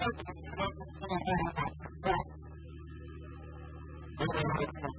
Thank you.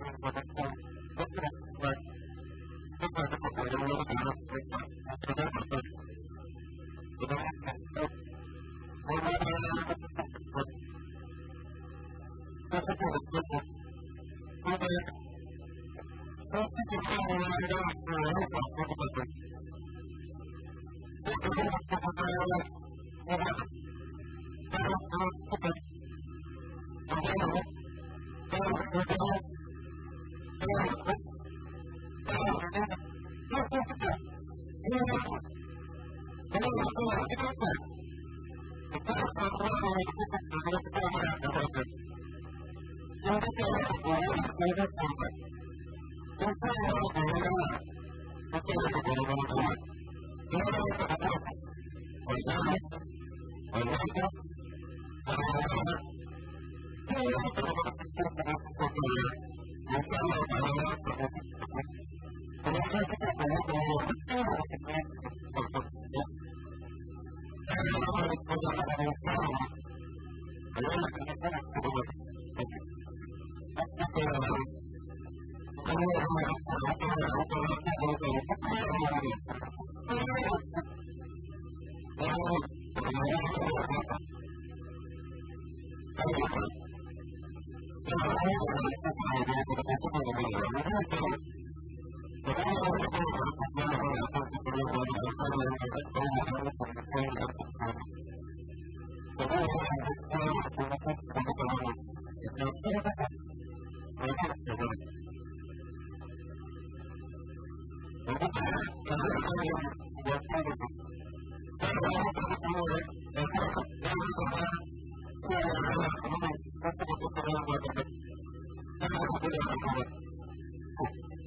よかった。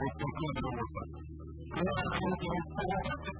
Thank you.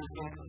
Thank you.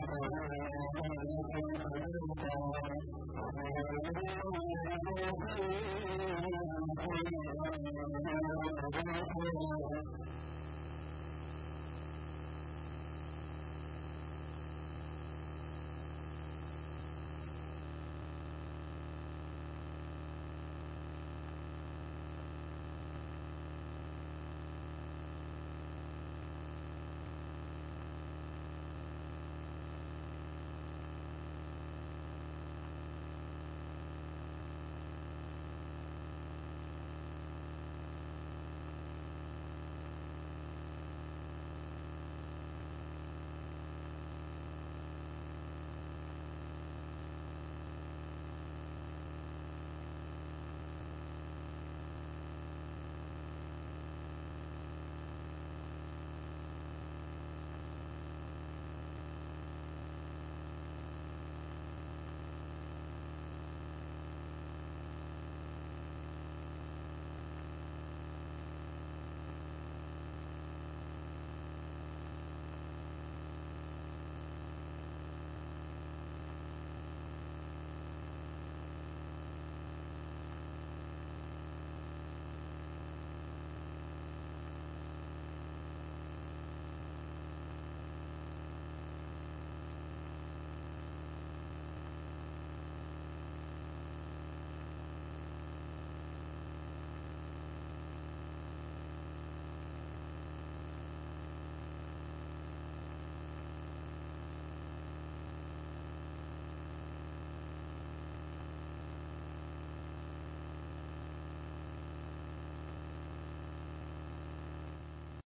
Thank you.